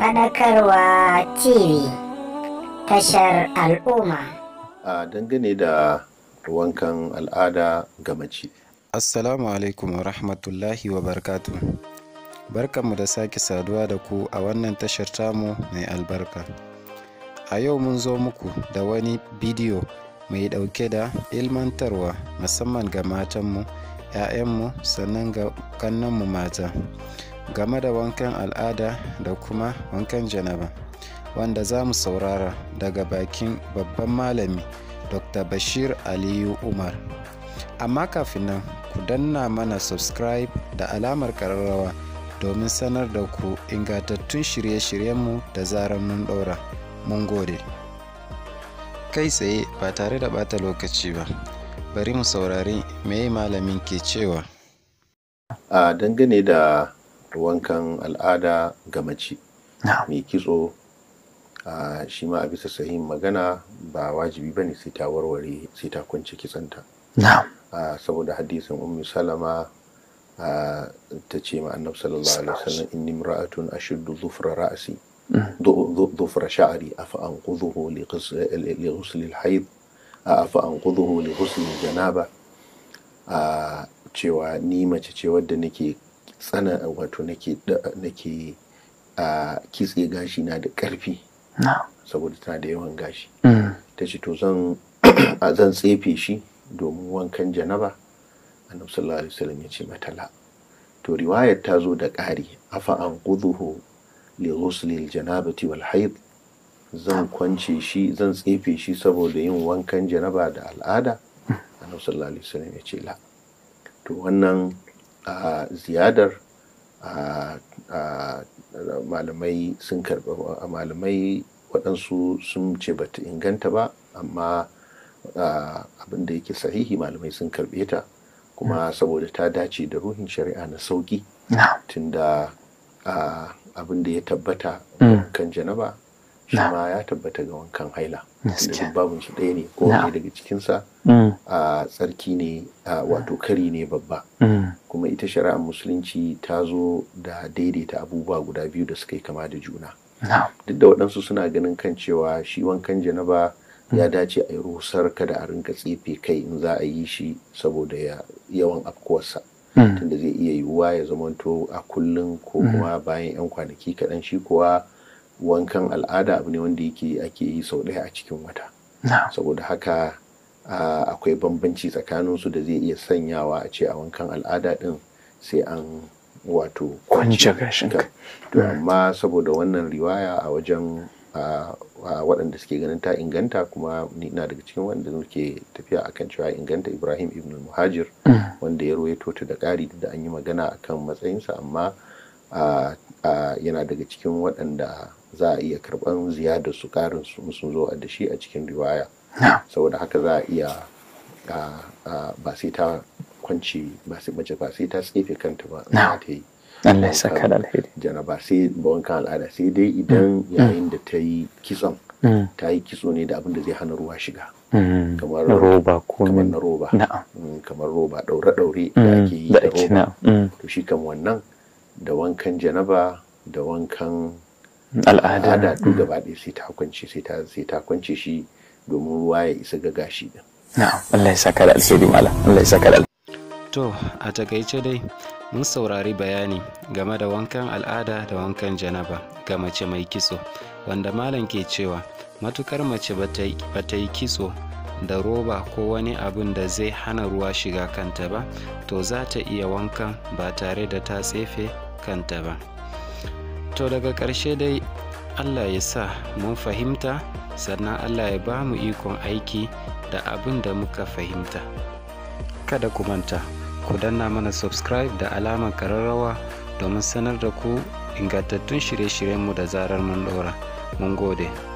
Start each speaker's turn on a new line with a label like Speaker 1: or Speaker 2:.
Speaker 1: Faɗakarwa TV tashar al'umma.
Speaker 2: A dangane da wankan al'ada ga mace.
Speaker 1: Assalamu alaikum wa rahmatullahi wa barkatu. Barkanmu da sake saduwa da ku a wannan tashar tamu mai albarka. A yau mun zo muku da wani bidiyo mai ɗauke da ilmantarwa musamman ga matanmu, 'ya'yanmu sannan ga kannanmu mata. game da wankan al'ada da kuma wankan janaba wanda za mu saurara daga bakin babban malami dr bashir aliyu umar amma kafin nan ku danna mana subscribe da alamar kararrawa domin sanar da ku ingantattun shirye-shiryenmu da zarar mun ɗaura mun gode kai tsaye ba tare da ɓata lokaci ba bari mu saurari me malamin ke cewa
Speaker 2: a dangane da wankan al'ada ga mace mai kitso a shi ma a bisa sahihin magana ba wajibi bane sai ta warware sai ta kwanci kitsanta saboda hadisin ummi salama ta ce ma annabi sallallahu alaihi wasallam inni imra'atun ashuddu dhufra ra'si mm. dhufra sha'ri afa anquduhu li ghusl al hayd afa anquduhu li ghusl al janaba cewa ni mace ce wadda nake tsana wato nake nake a kitse gashi na da karfi saboda tana da yawan gashi mm. ta ce to zan tsefe shi domin wankan janaba annabi sallallahu alaihi wasallam ya ce mata la to riwayar ta zo da ƙari afa an quduhu li ghusli janabati wal haid zan kwance shi zan tsefe shi saboda yin wankan janaba da al'ada mm. annabi sallallahu alaihi wasallam ya ce la to wannan a ziyadar malamai sun karɓa malamai waɗansu sun ce ba ta inganta ba amma abin da yake sahihi malamai sun karɓe ta kuma hmm. saboda ta dace da ruhin shari'a na sauki tunda abin da ya tabbata hmm. kan janaba shi ma ya tabbata ga wankan haila da babun shi ɗaya ne ko ne daga cikinsa mm. a tsarki ne wato kari ne babba mm. kuma ita shari'ar musulunci ta zo da daidaita abubuwa guda biyu da suka yi kama da juna duk da waɗansu suna ganin kan cewa shi wankan janaba mm. ya dace a yi rusar kada a rinka tsefe kai in za a yi shi saboda yawan afkuwarsa tunda zai iya yiwuwa ya zamanto a kullum ko kuma bayan 'yan kwanaki kaɗan shi kuwa wankan al'ada abu ne wanda yake ake yi sau ɗaya a cikin wata saboda haka akwai bambanci tsakanin su da zai iya sanyawa a ce a wankan al'ada din sai an wato kwanci to amma saboda wannan riwaya a wajen waɗanda suke ganin ta inganta kuma ni na daga cikin wanda suke tafiya akan cewa inganta Ibrahim ibn Muhajir mm. wanda ya roye ta da ƙari da an yi magana akan matsayinsa amma yana daga cikin waɗanda za a iya karɓar ziyadar su ƙarin su sun zo a da a cikin riwaya saboda haka za a iya ba sai ta kwanci ba sai mace ba sai ta tsefe kanta ba za ta yi
Speaker 1: Allah ya saka da alheri
Speaker 2: ba sai ba wankan al'ada sai dai idan mm. yayin da ta yi kitson mm. ta yi kitso ne da abin da zai hana ruwa shiga
Speaker 1: mm. kamar roba ko kamar na roba
Speaker 2: kamar roba daure daure
Speaker 1: da ake yi da roba
Speaker 2: to shi kan wannan da wankan janaba da wankan
Speaker 1: al'ada
Speaker 2: duk gaba ɗaya sai ta kwance sai ta sai ta kwance shi domin
Speaker 1: ruwa ya isa ga gashi din
Speaker 2: na'am Allah ya saka da alheri mala Allah ya saka da
Speaker 1: to a takaice dai mun saurari bayani game da wankan al'ada da wankan janaba ga mace mai kitso wanda malam ke cewa matukar mace ba ta yi kitso da roba ko wani abin da zai hana ruwa shiga kanta ba to za ta iya wankan ba tare da ta tsefe kanta ba to daga ƙarshe dai allah ya sa mun fahimta sannan allah ya ba mu ikon aiki da abin da muka fahimta kada ku manta ku danna mana subscribe da alamar ƙararrawa domin sanar da ku ingantattun shirye-shiryenmu da zarar mun ɗora mun gode